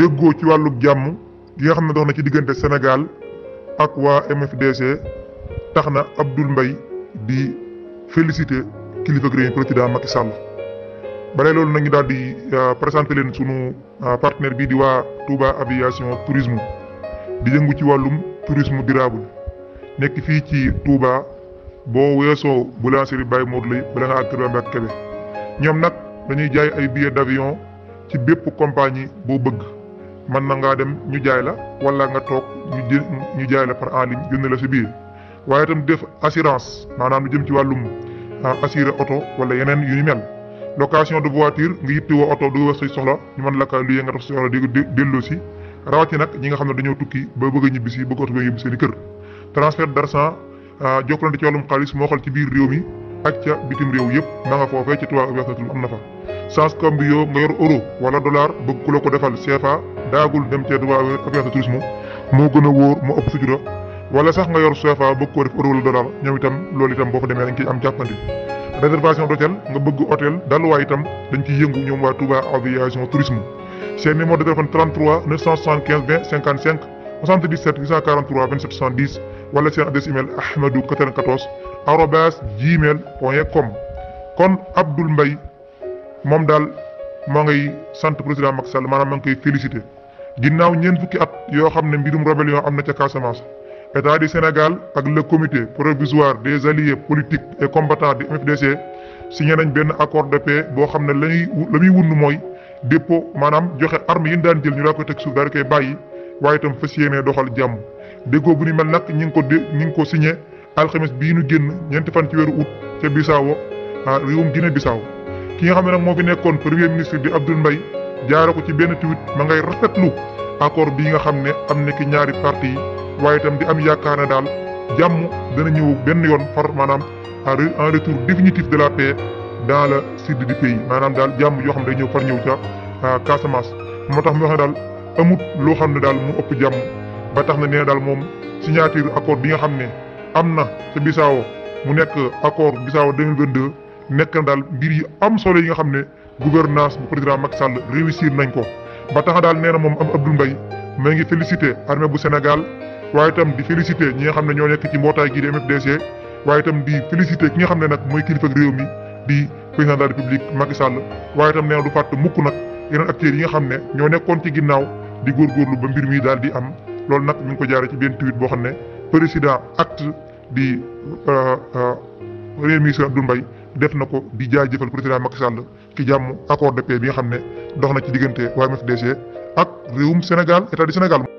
déggoo ci wàllu jàmm gi nga xam na dox na ci diggante Sénégal ak waa MFDC tax na Abdoul mbay di féliciter kilifa réew mi président Macky Sall. balee loolu nañu daal di euh, présenter leen sunu euh, partenaire bii di waa tuuba aviation tourisme di yëngu ci wàllum tourisme durable nekk fii ci Touba boo weesoo boulangerie Baye Modou lay bala nga àgg Touba Mbacké ñoom nag dañuy jaay ay billets d'avion ci bépp compagnie boo bëgg. man na ngaa dem ñu jaay la wala nga toog ñu jë ñu jaay la par en ligne jënd la si biir waaye itam def assurance maanaam jëm ci wàllum ah, assuré oto wala yeneen yu ñu mel location de voiture nga yitti woo oto du wax say soxla ñu mën la ka luyee nga def soxla di delloo si rawati nag ñi nga xam ne dañoo tukki ba bëgg a ñibbisi bëgg oto ba ñibbi seen i kër transfert d'argent ah, jokkalante ci wàllum xaalis moo xal ci biir réew mi ak yëpp ma nga foofee ci Touba Oubiya am na fa sans cambio nga yor euro wala dollar bëgg ko defal CFA daagul dem ca Dubai agence de tourisme moo gën a wóor moo ëpp sutura wala sax nga yor CFA bëgg koo def euro wala dollar ñoom itam loolu itam boo fa demee dañ ciy am jàppandi. réservation d'hôtel nga bëgg hôtel dalluwaay itam dañ ciy yëngu ñoom waa Touba aviation tourisme seen numéro de téléphone 33 975 20 55 gmail point kon Abdoul Mbaye moom daal moo ngay sant président Macky maanaam ma ngi koy félicité ginnaaw ñeent fukki at yoo xam ne mbirum rébellion am na ca Casamance état di Sénégal ak le comité provisoire des alliés politiques et combattants du MFDC signé nañ benn accord de paix boo xam ne la ñuy la muy wund mooy dépôt maanaam joxe armes yi ñu daan jël ñu daa koy teg suuf daal di koy bàyyi waaye itam fas yéenee doxal jàmm déggoo bu ni mel nag ñi ngi ko ñi ngi ko signé alxames bii ñu génn ñeenti fan ci weeru août ca Bissau ah réewum ki nga xam ne nag moo fi nekkoon premier ministre di Abdoul Mbaye jaare ko ci benn tweet ma ngay rafetlu accord bi nga xam ne am na ki ñaari parti yi waaye itam di am yaakaar na daal jàmm dana ñëw benn yoon far maanaam un retour définitif de la paix dans le sud du pays maanaam daal jàmm yoo xam ne day ñëw far ñëw ca Casamance moo tax mu wax ne daal amut loo xam ne daal mu ëpp jàmm ba tax na nee daal moom signature accord bi nga xam ne am na ca Bissau mu nekk accord Bissau 2022 nekk na daal mbir yu am solo yi nga xam ne gouvernance bu président Macky Sall réussir nañ ko ba tax daal nee na moom am Abdoul Mbaye maa ngi félicité armée bu Sénégal waaye itam di félicité ñi nga xam ne ñoo nekk ci mbootaay gii di MFDC waaye itam di félicité ki nga xam ne nag mooy kilifa réew mi di président de la république Macky Sall waaye itam nee na du fàtte mukk nag yeneen acteurs yi nga xam ne ñoo nekkoon ci ginnaaw di góorgóorlu ba mbir mii daal di am loolu nag mi ngi ko jaare ci benn tweet boo xam ne président acte di premier euh, euh, ministre Abdoul Mbaye def na ko di jaajëfal président Macky Sall ci jàmm accord de paix bi nga xam ne dox na ci diggante waa MFDC ak réewum Sénégal état du Sénégal.